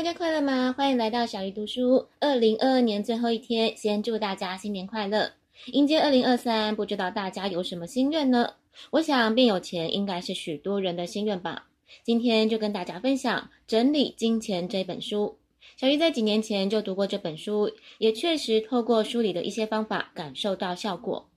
大家快樂嗎？歡迎來到小魚讀書。二零二二年最後一天，先祝大家新年快樂，迎接二零二三。不知道大家有什麼心願呢？我想變有錢，應該是許多人的心願吧。今天就跟大家分享《整理金錢》這本書。小魚在幾年前就讀過這本書，也確實透過書裡的一些方法，感受到效果。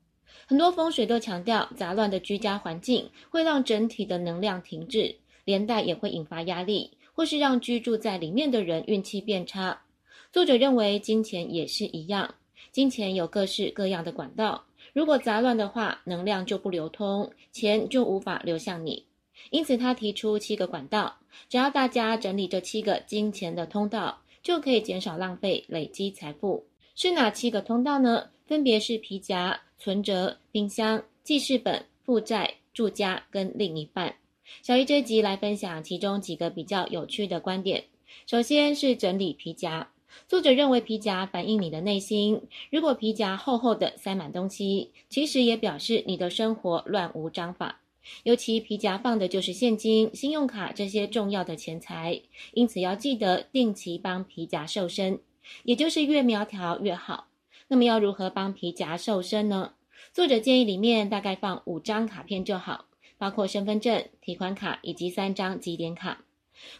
很多風水都強調，雜亂的居家環境會讓整體的能量停滯，連帶也會引發壓力。或是讓居住在裡面的人運氣變差。作者認為金錢也是一樣，金錢有各式各樣的管道，如果雜亂的話，能量就不流通，錢就無法流向你。因此，他提出七個管道，只要大家整理這七個金錢的通道，就可以減少浪費，累積財富。是哪七個通道呢？分別是皮夾、存摺、冰箱、記事本、負債、住家跟另一半。小魚這一集來分享其中幾個比較有趣的觀點。首先是整理皮夾，作者認為皮夾反映你的內心。如果皮夾厚厚的塞滿東西，其實也表示你的生活亂無章法。尤其皮夾放的就是現金、信用卡這些重要的錢財，因此要記得定期幫皮夾瘦身，也就是越苗條越好。那麼要如何幫皮夾瘦身呢？作者建議裡面大概放五張卡片就好。包括身份證、提款卡，以及三張集點卡。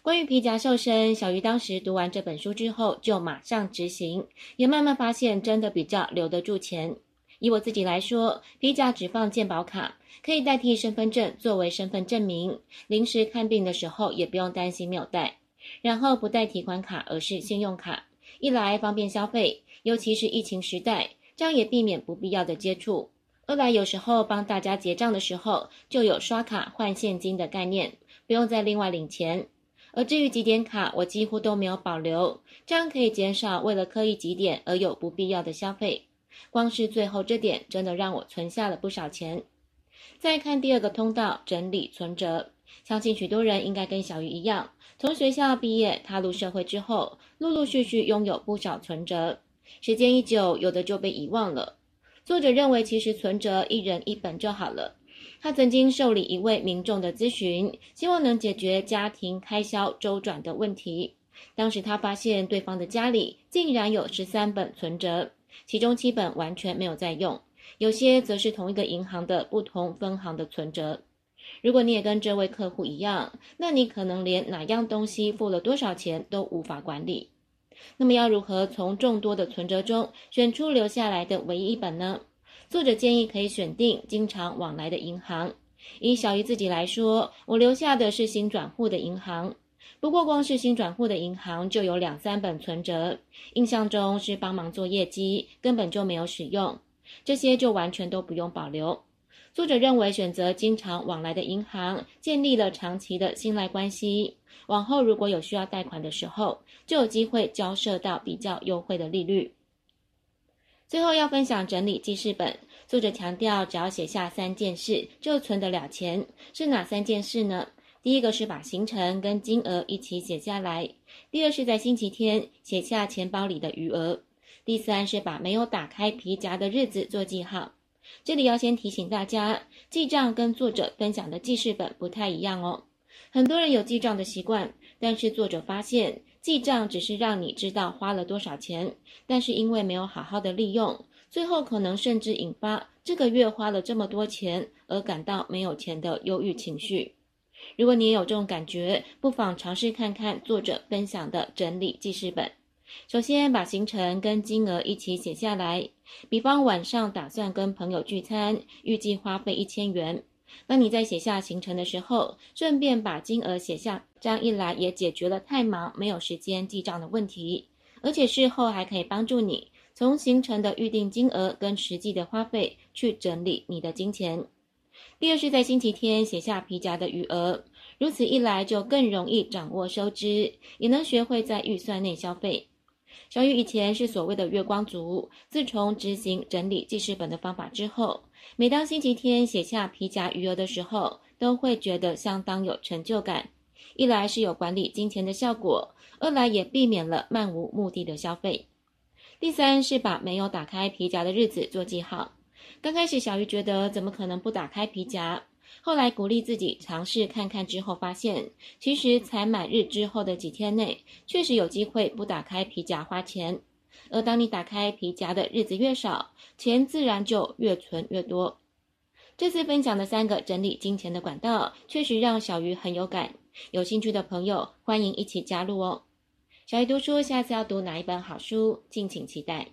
關於皮夾瘦身，小魚當時讀完這本書之後就馬上執行，也慢慢發現真的比較留得住錢。以我自己來說，皮夾只放健保卡，可以代替身份證作為身份證明，臨時看病的時候也不用擔心沒有帶。然後不帶提款卡，而是信用卡，一來方便消費，尤其是疫情時代，這樣也避免不必要的接觸。後來有時候幫大家結賬的時候，就有刷卡換現金的概念，不用再另外領錢。而至於集點卡，我幾乎都沒有保留，這樣可以減少為了刻意集點而有不必要的消費。光是最後這點，真的讓我存下了不少錢。再看第二個通道，整理存摺。相信許多人應該跟小魚一樣，從學校畢業踏入社會之後，陸陸續續擁有不少存摺，時間一久，有的就被遺忘了。作者認為，其實存折一人一本就好了。他曾經受理一位民眾的諮詢，希望能解決家庭開銷周轉的問題。當時他發現對方的家裡竟然有十三本存折，其中七本完全沒有在用，有些則是同一個銀行的不同分行的存折。如果你也跟這位客戶一樣，那你可能連哪樣東西付了多少錢都無法管理。那麼要如何從眾多的存折中選出留下來的唯一一本呢？作者建議可以選定經常往來的銀行。以小魚自己來說，我留下的是薪轉戶的銀行。不過光是薪轉戶的銀行就有兩三本存折，印象中是幫忙做業績，根本就沒有使用，這些就完全都不用保留。作者認為，選擇經常往來的銀行，建立了長期的信賴關係。往後如果有需要貸款的時候，就有機會交涉到比較優惠的利率。最後要分享整理記事本，作者強調，只要寫下三件事，就存得了錢。是哪三件事呢？第一個是把行程跟金額一起寫下來；第二是在星期天寫下錢包裡的餘額；第三是把沒有打開皮夾的日子做記號。這裡要先提醒大家，記賬跟作者分享的記事本不太一樣哦。很多人有記賬的習慣，但是作者發現，記賬只是讓你知道花了多少錢，但是因為沒有好好的利用，最後可能甚至引發這個月花了這麼多錢而感到沒有錢的憂鬱情緒。如果你也有這種感覺，不妨嘗試看看作者分享的整理記事本。首先把行程跟金額一起寫下來，比方晚上打算跟朋友聚餐，預計花費一千元。那你在寫下行程的時候，順便把金額寫下，這樣一來也解決了太忙沒有時間記賬的問題，而且事後還可以幫助你從行程的預定金額跟實際的花費去整理你的金錢。第二是在星期天寫下皮夾的餘額，如此一來就更容易掌握收支，也能學會在預算內消費。小魚以前是所謂的月光族，自從執行整理記事本的方法之後，每當星期天寫下皮夾餘額的時候，都會覺得相當有成就感。一來是有管理金錢的效果，二來也避免了漫無目的的消費。第三是把沒有打開皮夾的日子做記號。剛開始，小魚覺得怎麼可能不打開皮夾？後來鼓勵自己嘗試看看，之後發現，其實才滿日之後的幾天內，確實有機會不打開皮夾花錢。而當你打開皮夾的日子越少，錢自然就越存越多。這次分享的三個整理金錢的管道，確實讓小魚很有感。有興趣的朋友，歡迎一起加入哦。小魚讀書，下次要讀哪一本好書，敬請期待。